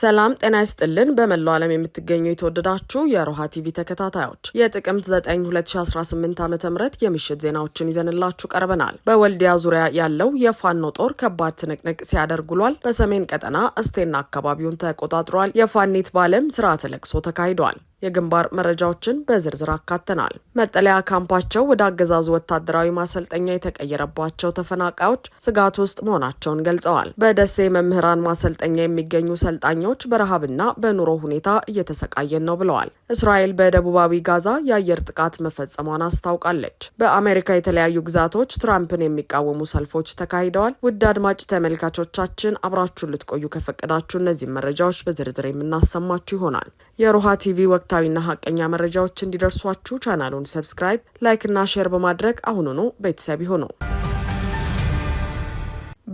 ሰላም ጤና ይስጥልን። በመላው ዓለም የምትገኙ የተወደዳችሁ የሮሃ ቲቪ ተከታታዮች የጥቅምት 9 2018 ዓ ም የምሽት ዜናዎችን ይዘንላችሁ ቀርበናል። በወልዲያ ዙሪያ ያለው የፋኖ ጦር ከባድ ትንቅንቅ ሲያደርግ ውሏል። በሰሜን ቀጠና እስቴና አካባቢውን ተቆጣጥሯል። የፋኒት ባለም ስርዓተ ለቅሶ ተካሂዷል። የግንባር መረጃዎችን በዝርዝር አካተናል። መጠለያ ካምፓቸው ወደ አገዛዙ ወታደራዊ ማሰልጠኛ የተቀየረባቸው ተፈናቃዮች ስጋት ውስጥ መሆናቸውን ገልጸዋል። በደሴ መምህራን ማሰልጠኛ የሚገኙ ሰልጣኞች በረሃብና በኑሮ ሁኔታ እየተሰቃየን ነው ብለዋል። እስራኤል በደቡባዊ ጋዛ የአየር ጥቃት መፈጸሟን አስታውቃለች። በአሜሪካ የተለያዩ ግዛቶች ትራምፕን የሚቃወሙ ሰልፎች ተካሂደዋል። ውድ አድማጭ ተመልካቾቻችን አብራችሁን ልትቆዩ ከፈቀዳችሁ እነዚህ መረጃዎች በዝርዝር የምናሰማችሁ ይሆናል። የሮሃ ቲቪ ወቅት ወቅታዊና ሀቀኛ መረጃዎች እንዲደርሷችሁ ቻናሉን ሰብስክራይብ፣ ላይክና ሼር በማድረግ አሁኑኑ ቤተሰብ ይሁኑ።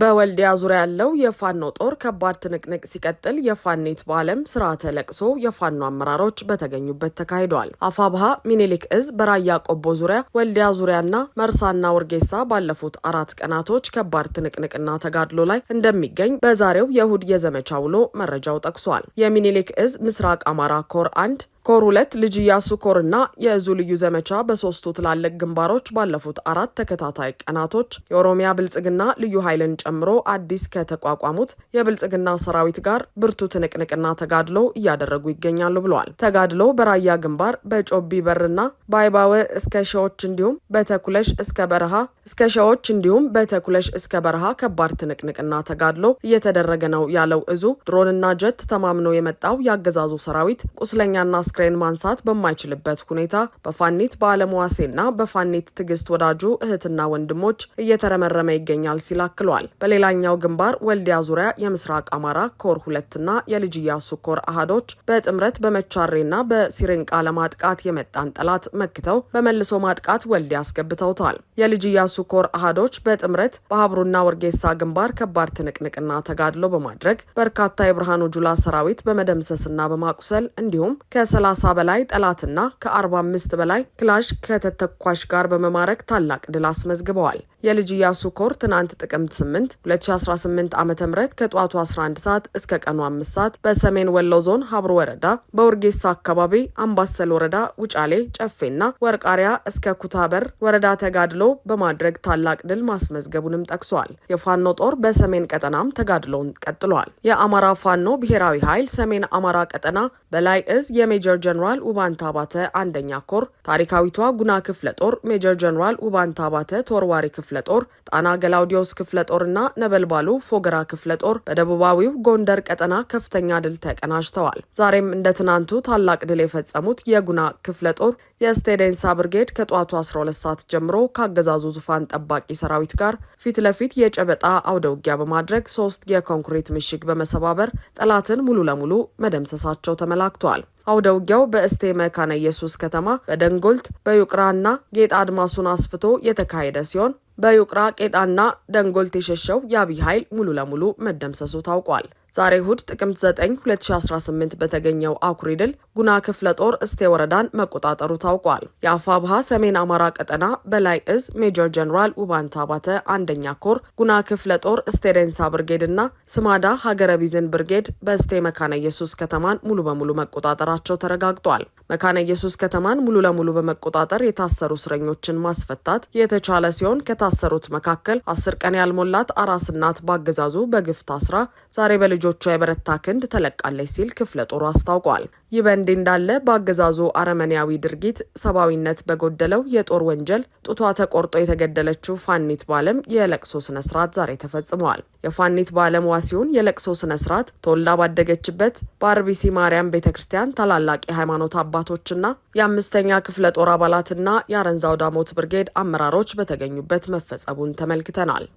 በወልዲያ ዙሪያ ያለው የፋኖ ጦር ከባድ ትንቅንቅ ሲቀጥል የፋኒት በዓለም ስርዓተ ለቅሶ የፋኖ አመራሮች በተገኙበት ተካሂደዋል። አፋብሃ ሚኒሊክ እዝ በራያ ቆቦ ዙሪያ፣ ወልዲያ ዙሪያና መርሳና ወርጌሳ ባለፉት አራት ቀናቶች ከባድ ትንቅንቅና ተጋድሎ ላይ እንደሚገኝ በዛሬው የእሁድ የዘመቻ ውሎ መረጃው ጠቅሷል። የሚኒሊክ እዝ ምስራቅ አማራ ኮር አንድ ኮር ሁለት ልጅ ኢያሱ ኮር እና የእዙ ልዩ ዘመቻ በሶስቱ ትላልቅ ግንባሮች ባለፉት አራት ተከታታይ ቀናቶች የኦሮሚያ ብልጽግና ልዩ ኃይልን ጨምሮ አዲስ ከተቋቋሙት የብልጽግና ሰራዊት ጋር ብርቱ ትንቅንቅና ተጋድሎ እያደረጉ ይገኛሉ ብለዋል። ተጋድሎ በራያ ግንባር በጮቢ በርና በአይባወ እስከ ሸዎች እንዲሁም በተኩለሽ እስከ በረሃ እስከ ሸዎች እንዲሁም በተኩለሽ እስከ በረሃ ከባድ ትንቅንቅና ተጋድሎ እየተደረገ ነው ያለው እዙ ድሮንና ጀት ተማምኖ የመጣው የአገዛዙ ሰራዊት ቁስለኛና አስክሬን ማንሳት በማይችልበት ሁኔታ በፋኒት በአለም ዋሴና በፋኒት ትግስት ወዳጁ እህትና ወንድሞች እየተረመረመ ይገኛል ሲል አክሏል። በሌላኛው ግንባር ወልዲያ ዙሪያ የምስራቅ አማራ ኮር ሁለትና የልጅ ኢያሱ ኮር አህዶች በጥምረት በመቻሬና በሲሪንቃ ለማጥቃት የመጣን ጠላት መክተው በመልሶ ማጥቃት ወልዲያ አስገብተውታል። የልጅ ኢያሱ ኮር አህዶች በጥምረት በሀብሩና ወርጌሳ ግንባር ከባድ ትንቅንቅና ተጋድሎ በማድረግ በርካታ የብርሃኑ ጁላ ሰራዊት በመደምሰስና በማቁሰል እንዲሁም ከ ከ30 በላይ ጠላትና ከ45 በላይ ክላሽ ከተተኳሽ ጋር በመማረክ ታላቅ ድል አስመዝግበዋል። የልጅ ኢያሱ ኮር ትናንት ጥቅምት 8 2018 ዓ ም ከጠዋቱ 11 ሰዓት እስከ ቀኑ 5 ሰዓት በሰሜን ወሎ ዞን ሀብሮ ወረዳ በውርጌሳ አካባቢ አምባሰል ወረዳ ውጫሌ ጨፌና ወርቃሪያ እስከ ኩታበር ወረዳ ተጋድሎ በማድረግ ታላቅ ድል ማስመዝገቡንም ጠቅሷል። የፋኖ ጦር በሰሜን ቀጠናም ተጋድሎውን ቀጥሏል። የአማራ ፋኖ ብሔራዊ ኃይል ሰሜን አማራ ቀጠና በላይ እዝ የሜጀር ሜጀር ጀነራል ውባንታ አባተ አንደኛ ኮር፣ ታሪካዊቷ ጉና ክፍለ ጦር ሜጀር ጀነራል ውባንታ አባተ ተወርዋሪ ክፍለ ጦር፣ ጣና ገላውዲዮስ ክፍለ ጦርና ነበልባሉ ፎገራ ክፍለ ጦር በደቡባዊው ጎንደር ቀጠና ከፍተኛ ድል ተቀናጅተዋል። ዛሬም እንደ ትናንቱ ታላቅ ድል የፈጸሙት የጉና ክፍለ ጦር የስቴደንሳ ብርጌድ ከጠዋቱ 12 ሰዓት ጀምሮ ከአገዛዙ ዙፋን ጠባቂ ሰራዊት ጋር ፊት ለፊት የጨበጣ አውደ ውጊያ በማድረግ ሶስት የኮንክሪት ምሽግ በመሰባበር ጠላትን ሙሉ ለሙሉ መደምሰሳቸው ተመላክቷል። አውደ ውጊያው በእስቴ መካነ ኢየሱስ ከተማ በደንጎልት በዩቅራና ጌጣ አድማሱን አስፍቶ የተካሄደ ሲሆን በዩቅራ ቄጣና ደንጎልት የሸሸው የአብይ ኃይል ሙሉ ለሙሉ መደምሰሱ ታውቋል። ዛሬ እሁድ ጥቅምት 9 2018 በተገኘው አኩሪ ድል ጉና ክፍለ ጦር እስቴ ወረዳን መቆጣጠሩ ታውቋል። የአፋ ብሃ ሰሜን አማራ ቀጠና በላይ እዝ ሜጀር ጀኔራል ውባንታ ባተ አንደኛ ኮር ጉና ክፍለ ጦር እስቴ ደንሳ ብርጌድ እና ስማዳ ሀገረ ቢዝን ብርጌድ በእስቴ መካነ ኢየሱስ ከተማን ሙሉ በሙሉ መቆጣጠራቸው ተረጋግጧል። መካነ ኢየሱስ ከተማን ሙሉ ለሙሉ በመቆጣጠር የታሰሩ እስረኞችን ማስፈታት የተቻለ ሲሆን ከታሰሩት መካከል አስር ቀን ያልሞላት አራስ እናት ባገዛዙ በግፍ ታስራ ዛሬ በልጅ ልጆቿ የበረታ ክንድ ተለቃለች ሲል ክፍለ ጦሩ አስታውቋል። ይህ በእንዲህ እንዳለ በአገዛዙ አረመኔያዊ ድርጊት ሰብአዊነት በጎደለው የጦር ወንጀል ጡቷ ተቆርጦ የተገደለችው ፋኒት በአለም የለቅሶ ስነስርዓት ዛሬ ተፈጽመዋል። የፋኒት በአለም ዋሲውን የለቅሶ ስነስርዓት ተወልዳ ባደገችበት በአርቢሲ ማርያም ቤተ ክርስቲያን ታላላቅ የሃይማኖት አባቶችና የአምስተኛ ክፍለ ጦር አባላትና የአረንዛው ዳሞት ብርጌድ አመራሮች በተገኙበት መፈጸሙን ተመልክተናል።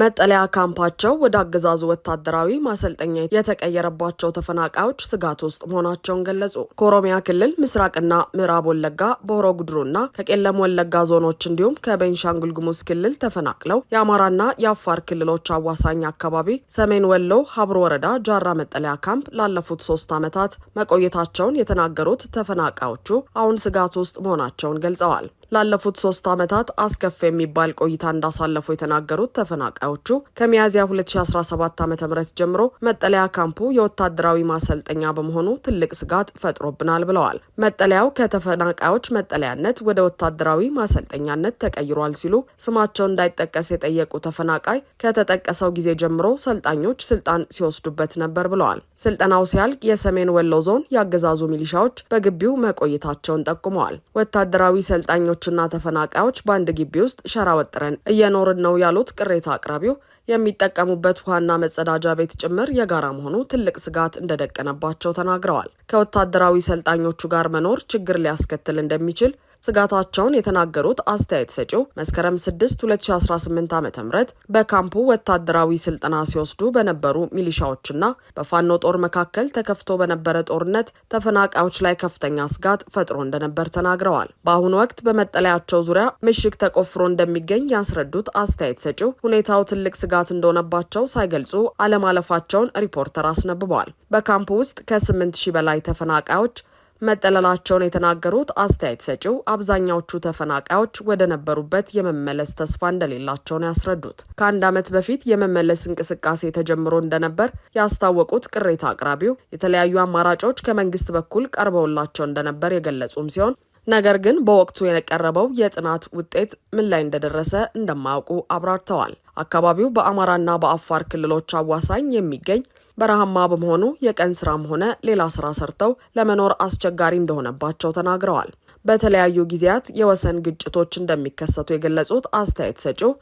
መጠለያ ካምፓቸው ወደ አገዛዙ ወታደራዊ ማሰልጠኛ የተቀየረባቸው ተፈናቃዮች ስጋት ውስጥ መሆናቸውን ገለጹ። ከኦሮሚያ ክልል ምስራቅና ምዕራብ ወለጋ በሆሮ ጉድሩና ከቄለም ወለጋ ዞኖች እንዲሁም ከቤንሻንጉል ጉሙዝ ክልል ተፈናቅለው የአማራና የአፋር ክልሎች አዋሳኝ አካባቢ ሰሜን ወሎ ሀብሮ ወረዳ ጃራ መጠለያ ካምፕ ላለፉት ሶስት ዓመታት መቆየታቸውን የተናገሩት ተፈናቃዮቹ አሁን ስጋት ውስጥ መሆናቸውን ገልጸዋል። ላለፉት ሶስት ዓመታት አስከፊ የሚባል ቆይታ እንዳሳለፉ የተናገሩት ተፈናቃዮቹ ከሚያዝያ 2017 ዓ ም ጀምሮ መጠለያ ካምፑ የወታደራዊ ማሰልጠኛ በመሆኑ ትልቅ ስጋት ፈጥሮብናል ብለዋል። መጠለያው ከተፈናቃዮች መጠለያነት ወደ ወታደራዊ ማሰልጠኛነት ተቀይሯል ሲሉ ስማቸው እንዳይጠቀስ የጠየቁ ተፈናቃይ ከተጠቀሰው ጊዜ ጀምሮ ሰልጣኞች ስልጣን ሲወስዱበት ነበር ብለዋል። ስልጠናው ሲያልቅ የሰሜን ወሎ ዞን ያገዛዙ ሚሊሻዎች በግቢው መቆየታቸውን ጠቁመዋል። ወታደራዊ ሰልጣኞች ስደተኞችና ተፈናቃዮች በአንድ ግቢ ውስጥ ሸራ ወጥረን እየኖርን ነው ያሉት ቅሬታ አቅራቢው የሚጠቀሙበት ውሃና መጸዳጃ ቤት ጭምር የጋራ መሆኑ ትልቅ ስጋት እንደደቀነባቸው ተናግረዋል። ከወታደራዊ ሰልጣኞቹ ጋር መኖር ችግር ሊያስከትል እንደሚችል ስጋታቸውን የተናገሩት አስተያየት ሰጪው መስከረም 6 2018 ዓ ም በካምፑ ወታደራዊ ስልጠና ሲወስዱ በነበሩ ሚሊሻዎችና በፋኖ ጦር መካከል ተከፍቶ በነበረ ጦርነት ተፈናቃዮች ላይ ከፍተኛ ስጋት ፈጥሮ እንደነበር ተናግረዋል። በአሁኑ ወቅት በመጠለያቸው ዙሪያ ምሽግ ተቆፍሮ እንደሚገኝ ያስረዱት አስተያየት ሰጪው ሁኔታው ትልቅ ስጋት እንደሆነባቸው ሳይገልጹ አለማለፋቸውን ሪፖርተር አስነብበዋል። በካምፑ ውስጥ ከ8 ሺህ በላይ ተፈናቃዮች መጠለላቸውን የተናገሩት አስተያየት ሰጪው አብዛኛዎቹ ተፈናቃዮች ወደ ነበሩበት የመመለስ ተስፋ እንደሌላቸውን ያስረዱት ከአንድ ዓመት በፊት የመመለስ እንቅስቃሴ ተጀምሮ እንደነበር ያስታወቁት ቅሬታ አቅራቢው የተለያዩ አማራጮች ከመንግስት በኩል ቀርበውላቸው እንደነበር የገለጹም ሲሆን ነገር ግን በወቅቱ የቀረበው የጥናት ውጤት ምን ላይ እንደደረሰ እንደማያውቁ አብራርተዋል። አካባቢው በአማራና በአፋር ክልሎች አዋሳኝ የሚገኝ በረሃማ በመሆኑ የቀን ስራም ሆነ ሌላ ስራ ሰርተው ለመኖር አስቸጋሪ እንደሆነባቸው ተናግረዋል። በተለያዩ ጊዜያት የወሰን ግጭቶች እንደሚከሰቱ የገለጹት አስተያየት ሰጪው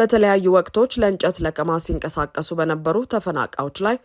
በተለያዩ ወቅቶች ለእንጨት ለቀማ ሲንቀሳቀሱ በነበሩ ተፈናቃዮች ላይ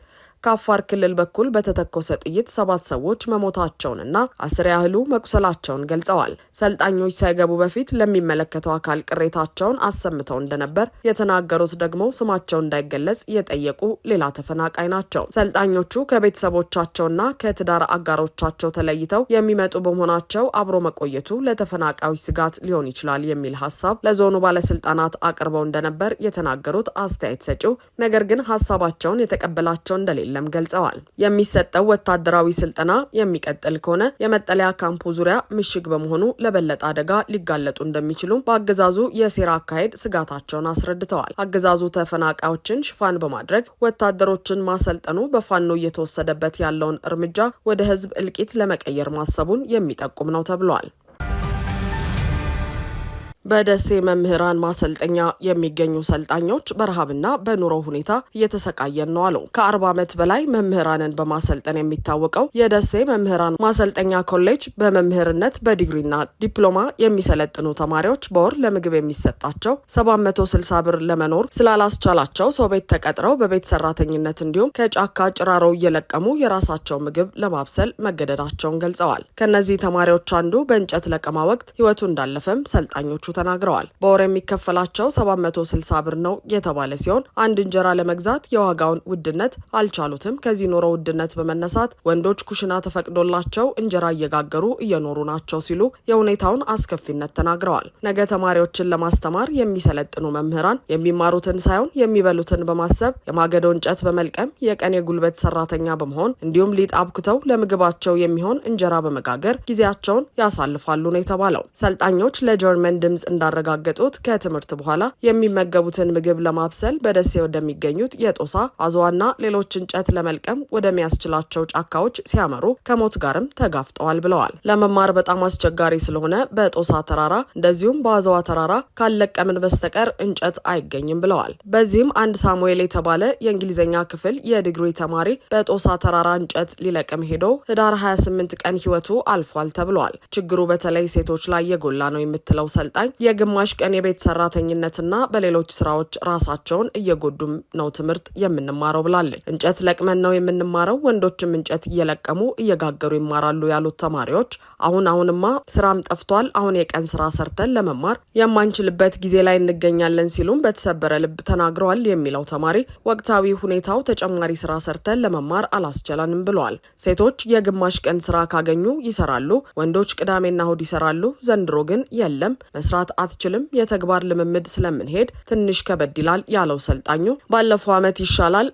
ከአፋር ክልል በኩል በተተኮሰ ጥይት ሰባት ሰዎች መሞታቸውንና አስር ያህሉ መቁሰላቸውን ገልጸዋል። ሰልጣኞች ሳይገቡ በፊት ለሚመለከተው አካል ቅሬታቸውን አሰምተው እንደነበር የተናገሩት ደግሞ ስማቸው እንዳይገለጽ የጠየቁ ሌላ ተፈናቃይ ናቸው። ሰልጣኞቹ ከቤተሰቦቻቸውና ከትዳር አጋሮቻቸው ተለይተው የሚመጡ በመሆናቸው አብሮ መቆየቱ ለተፈናቃዮች ስጋት ሊሆን ይችላል የሚል ሀሳብ ለዞኑ ባለስልጣናት አቅርበው እንደነበር የተናገሩት አስተያየት ሰጪው ነገር ግን ሀሳባቸውን የተቀበላቸው እንደሌለ እንደሌለም ገልጸዋል። የሚሰጠው ወታደራዊ ስልጠና የሚቀጥል ከሆነ የመጠለያ ካምፑ ዙሪያ ምሽግ በመሆኑ ለበለጠ አደጋ ሊጋለጡ እንደሚችሉም በአገዛዙ የሴራ አካሄድ ስጋታቸውን አስረድተዋል። አገዛዙ ተፈናቃዮችን ሽፋን በማድረግ ወታደሮችን ማሰልጠኑ በፋኖ እየተወሰደበት ያለውን እርምጃ ወደ ህዝብ እልቂት ለመቀየር ማሰቡን የሚጠቁም ነው ተብሏል። በደሴ መምህራን ማሰልጠኛ የሚገኙ ሰልጣኞች በረሃብና በኑሮ ሁኔታ እየተሰቃየን ነው አለው። ከአርባ ዓመት በላይ መምህራንን በማሰልጠን የሚታወቀው የደሴ መምህራን ማሰልጠኛ ኮሌጅ በመምህርነት በዲግሪና ዲፕሎማ የሚሰለጥኑ ተማሪዎች በወር ለምግብ የሚሰጣቸው 760 ብር ለመኖር ስላላስቻላቸው ሰው ቤት ተቀጥረው በቤት ሰራተኝነት እንዲሁም ከጫካ ጭራሮ እየለቀሙ የራሳቸው ምግብ ለማብሰል መገደዳቸውን ገልጸዋል። ከእነዚህ ተማሪዎች አንዱ በእንጨት ለቀማ ወቅት ህይወቱ እንዳለፈም ሰልጣኞቹ ተናግረዋል። በወር የሚከፈላቸው 760 ብር ነው የተባለ ሲሆን አንድ እንጀራ ለመግዛት የዋጋውን ውድነት አልቻሉትም። ከዚህ ኑሮ ውድነት በመነሳት ወንዶች ኩሽና ተፈቅዶላቸው እንጀራ እየጋገሩ እየኖሩ ናቸው ሲሉ የሁኔታውን አስከፊነት ተናግረዋል። ነገ ተማሪዎችን ለማስተማር የሚሰለጥኑ መምህራን የሚማሩትን ሳይሆን የሚበሉትን በማሰብ የማገዶ እንጨት በመልቀም የቀን የጉልበት ሰራተኛ በመሆን እንዲሁም ሊጥ አብኩተው ለምግባቸው የሚሆን እንጀራ በመጋገር ጊዜያቸውን ያሳልፋሉ ነው የተባለው። ሰልጣኞች ለጀርመን ድምፅ እንዳረጋገጡት ከትምህርት በኋላ የሚመገቡትን ምግብ ለማብሰል በደሴ ወደሚገኙት የጦሳ አዝዋና ሌሎች እንጨት ለመልቀም ወደሚያስችላቸው ጫካዎች ሲያመሩ ከሞት ጋርም ተጋፍጠዋል ብለዋል። ለመማር በጣም አስቸጋሪ ስለሆነ በጦሳ ተራራ እንደዚሁም በአዝዋ ተራራ ካለቀምን በስተቀር እንጨት አይገኝም ብለዋል። በዚህም አንድ ሳሙኤል የተባለ የእንግሊዝኛ ክፍል የዲግሪ ተማሪ በጦሳ ተራራ እንጨት ሊለቅም ሄዶ ህዳር 28 ቀን ህይወቱ አልፏል ተብሏል። ችግሩ በተለይ ሴቶች ላይ የጎላ ነው የምትለው ሰልጣኝ የግማሽ ቀን የቤት ሰራተኝነትና በሌሎች ስራዎች ራሳቸውን እየጎዱም ነው ትምህርት የምንማረው ብላለች። እንጨት ለቅመን ነው የምንማረው፣ ወንዶችም እንጨት እየለቀሙ እየጋገሩ ይማራሉ ያሉት ተማሪዎች አሁን አሁንማ ስራም ጠፍቷል፣ አሁን የቀን ስራ ሰርተን ለመማር የማንችልበት ጊዜ ላይ እንገኛለን ሲሉም በተሰበረ ልብ ተናግረዋል የሚለው ተማሪ ወቅታዊ ሁኔታው ተጨማሪ ስራ ሰርተን ለመማር አላስችለንም ብለዋል። ሴቶች የግማሽ ቀን ስራ ካገኙ ይሰራሉ፣ ወንዶች ቅዳሜና እሁድ ይሰራሉ። ዘንድሮ ግን የለም መስራት መስራት አትችልም፣ የተግባር ልምምድ ስለምንሄድ ትንሽ ከበድ ይላል ያለው ሰልጣኙ ባለፈው ዓመት ይሻላል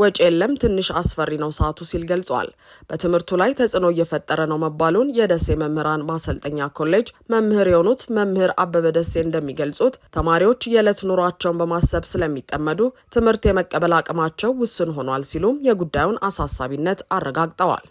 ወጪ የለም፣ ትንሽ አስፈሪ ነው ሰዓቱ ሲል ገልጿል። በትምህርቱ ላይ ተጽዕኖ እየፈጠረ ነው መባሉን የደሴ መምህራን ማሰልጠኛ ኮሌጅ መምህር የሆኑት መምህር አበበ ደሴ እንደሚገልጹት ተማሪዎች የዕለት ኑሯቸውን በማሰብ ስለሚጠመዱ ትምህርት የመቀበል አቅማቸው ውስን ሆኗል ሲሉም የጉዳዩን አሳሳቢነት አረጋግጠዋል።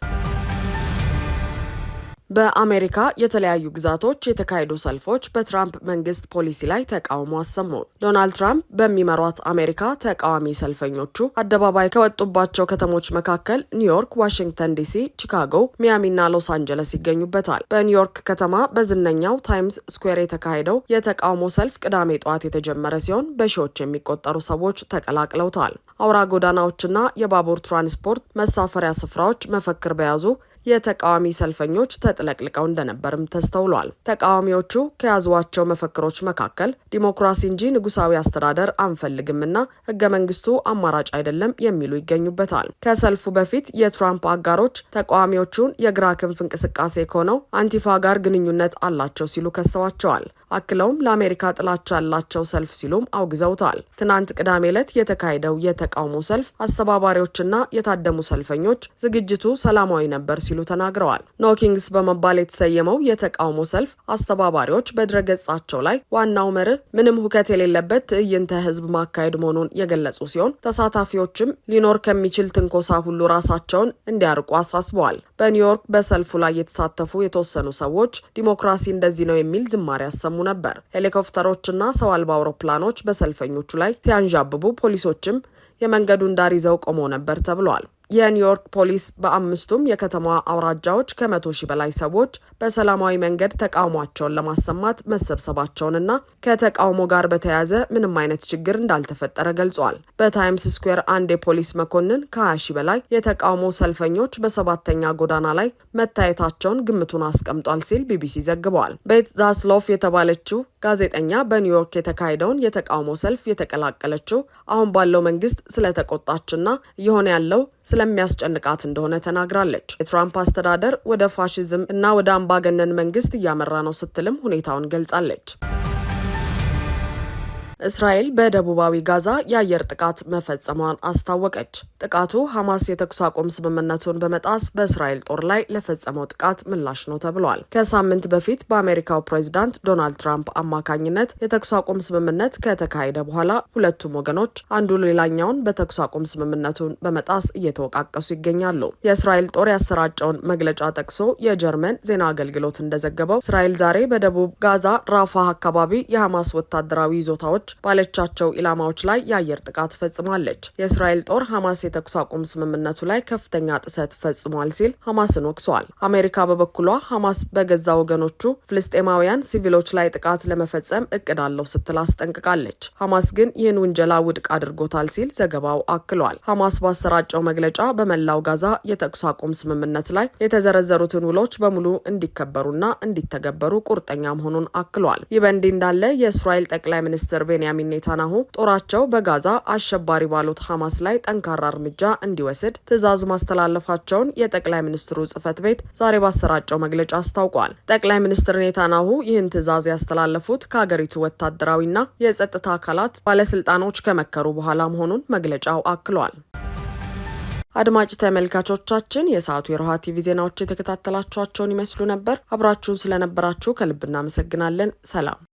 በአሜሪካ የተለያዩ ግዛቶች የተካሄዱ ሰልፎች በትራምፕ መንግስት ፖሊሲ ላይ ተቃውሞ አሰሙ። ዶናልድ ትራምፕ በሚመሯት አሜሪካ ተቃዋሚ ሰልፈኞቹ አደባባይ ከወጡባቸው ከተሞች መካከል ኒውዮርክ፣ ዋሽንግተን ዲሲ፣ ቺካጎ፣ ሚያሚና ሎስ አንጀለስ ይገኙበታል። በኒውዮርክ ከተማ በዝነኛው ታይምስ ስኩዌር የተካሄደው የተቃውሞ ሰልፍ ቅዳሜ ጠዋት የተጀመረ ሲሆን በሺዎች የሚቆጠሩ ሰዎች ተቀላቅለውታል። አውራ ጎዳናዎችና የባቡር ትራንስፖርት መሳፈሪያ ስፍራዎች መፈክር በያዙ የተቃዋሚ ሰልፈኞች ተጥለቅልቀው እንደነበርም ተስተውሏል። ተቃዋሚዎቹ ከያዟቸው መፈክሮች መካከል ዲሞክራሲ እንጂ ንጉሳዊ አስተዳደር አንፈልግምና ህገ መንግስቱ አማራጭ አይደለም የሚሉ ይገኙበታል። ከሰልፉ በፊት የትራምፕ አጋሮች ተቃዋሚዎቹን የግራ ክንፍ እንቅስቃሴ ከሆነው አንቲፋ ጋር ግንኙነት አላቸው ሲሉ ከሰዋቸዋል። አክለውም ለአሜሪካ ጥላቻ ያላቸው ሰልፍ ሲሉም አውግዘውታል። ትናንት ቅዳሜ ዕለት የተካሄደው የተቃውሞ ሰልፍ አስተባባሪዎችና የታደሙ ሰልፈኞች ዝግጅቱ ሰላማዊ ነበር ሲሉ ተናግረዋል። ኖኪንግስ በመባል የተሰየመው የተቃውሞ ሰልፍ አስተባባሪዎች በድረገጻቸው ላይ ዋናው መርህ ምንም ሁከት የሌለበት ትዕይንተ ህዝብ ማካሄድ መሆኑን የገለጹ ሲሆን ተሳታፊዎችም ሊኖር ከሚችል ትንኮሳ ሁሉ ራሳቸውን እንዲያርቁ አሳስበዋል። በኒውዮርክ በሰልፉ ላይ የተሳተፉ የተወሰኑ ሰዎች ዲሞክራሲ እንደዚህ ነው የሚል ዝማሬ ያሰሙ ነበር። ሄሊኮፕተሮችና ሰው አልባ አውሮፕላኖች በሰልፈኞቹ ላይ ሲያንዣብቡ፣ ፖሊሶችም የመንገዱን ዳር ይዘው ቆመው ነበር ተብሏል። የኒውዮርክ ፖሊስ በአምስቱም የከተማዋ አውራጃዎች ከመቶ ሺህ በላይ ሰዎች በሰላማዊ መንገድ ተቃውሟቸውን ለማሰማት መሰብሰባቸውንና ከተቃውሞ ጋር በተያያዘ ምንም አይነት ችግር እንዳልተፈጠረ ገልጿል። በታይምስ ስኩዌር አንድ የፖሊስ መኮንን ከ20 ሺህ በላይ የተቃውሞ ሰልፈኞች በሰባተኛ ጎዳና ላይ መታየታቸውን ግምቱን አስቀምጧል ሲል ቢቢሲ ዘግቧል። ቤት ዛስሎፍ የተባለችው ጋዜጠኛ በኒውዮርክ የተካሄደውን የተቃውሞ ሰልፍ የተቀላቀለችው አሁን ባለው መንግስት ስለተቆጣችና እየሆነ ያለው ስለሚያስጨንቃት እንደሆነ ተናግራለች። የትራምፕ አስተዳደር ወደ ፋሽዝም እና ወደ አምባገነን መንግስት እያመራ ነው ስትልም ሁኔታውን ገልጻለች። እስራኤል በደቡባዊ ጋዛ የአየር ጥቃት መፈጸሟን አስታወቀች። ጥቃቱ ሐማስ የተኩስ አቁም ስምምነቱን በመጣስ በእስራኤል ጦር ላይ ለፈጸመው ጥቃት ምላሽ ነው ተብሏል። ከሳምንት በፊት በአሜሪካው ፕሬዚዳንት ዶናልድ ትራምፕ አማካኝነት የተኩስ አቁም ስምምነት ከተካሄደ በኋላ ሁለቱም ወገኖች አንዱ ሌላኛውን በተኩስ አቁም ስምምነቱን በመጣስ እየተወቃቀሱ ይገኛሉ። የእስራኤል ጦር ያሰራጨውን መግለጫ ጠቅሶ የጀርመን ዜና አገልግሎት እንደዘገበው እስራኤል ዛሬ በደቡብ ጋዛ ራፋህ አካባቢ የሐማስ ወታደራዊ ይዞታዎች ባለቻቸው ኢላማዎች ላይ የአየር ጥቃት ፈጽማለች። የእስራኤል ጦር ሐማስ የተኩስ አቁም ስምምነቱ ላይ ከፍተኛ ጥሰት ፈጽሟል ሲል ሐማስን ወቅሷል። አሜሪካ በበኩሏ ሐማስ በገዛ ወገኖቹ ፍልስጤማውያን ሲቪሎች ላይ ጥቃት ለመፈጸም እቅድ አለው ስትል አስጠንቅቃለች። ሐማስ ግን ይህን ውንጀላ ውድቅ አድርጎታል ሲል ዘገባው አክሏል። ሐማስ ባሰራጨው መግለጫ በመላው ጋዛ የተኩስ አቁም ስምምነት ላይ የተዘረዘሩትን ውሎች በሙሉ እንዲከበሩና እንዲተገበሩ ቁርጠኛ መሆኑን አክሏል። ይህ በእንዲህ እንዳለ የእስራኤል ጠቅላይ ሚኒስትር ቤ ቤንያሚን ኔታናሁ ጦራቸው በጋዛ አሸባሪ ባሉት ሐማስ ላይ ጠንካራ እርምጃ እንዲወስድ ትዕዛዝ ማስተላለፋቸውን የጠቅላይ ሚኒስትሩ ጽህፈት ቤት ዛሬ ባሰራጨው መግለጫ አስታውቋል። ጠቅላይ ሚኒስትር ኔታናሁ ይህን ትዕዛዝ ያስተላለፉት ከሀገሪቱ ወታደራዊና የጸጥታ አካላት ባለስልጣኖች ከመከሩ በኋላ መሆኑን መግለጫው አክሏል። አድማጭ ተመልካቾቻችን የሰዓቱ የሮሃ ቲቪ ዜናዎች የተከታተላችኋቸውን ይመስሉ ነበር። አብራችሁን ስለነበራችሁ ከልብ እናመሰግናለን። ሰላም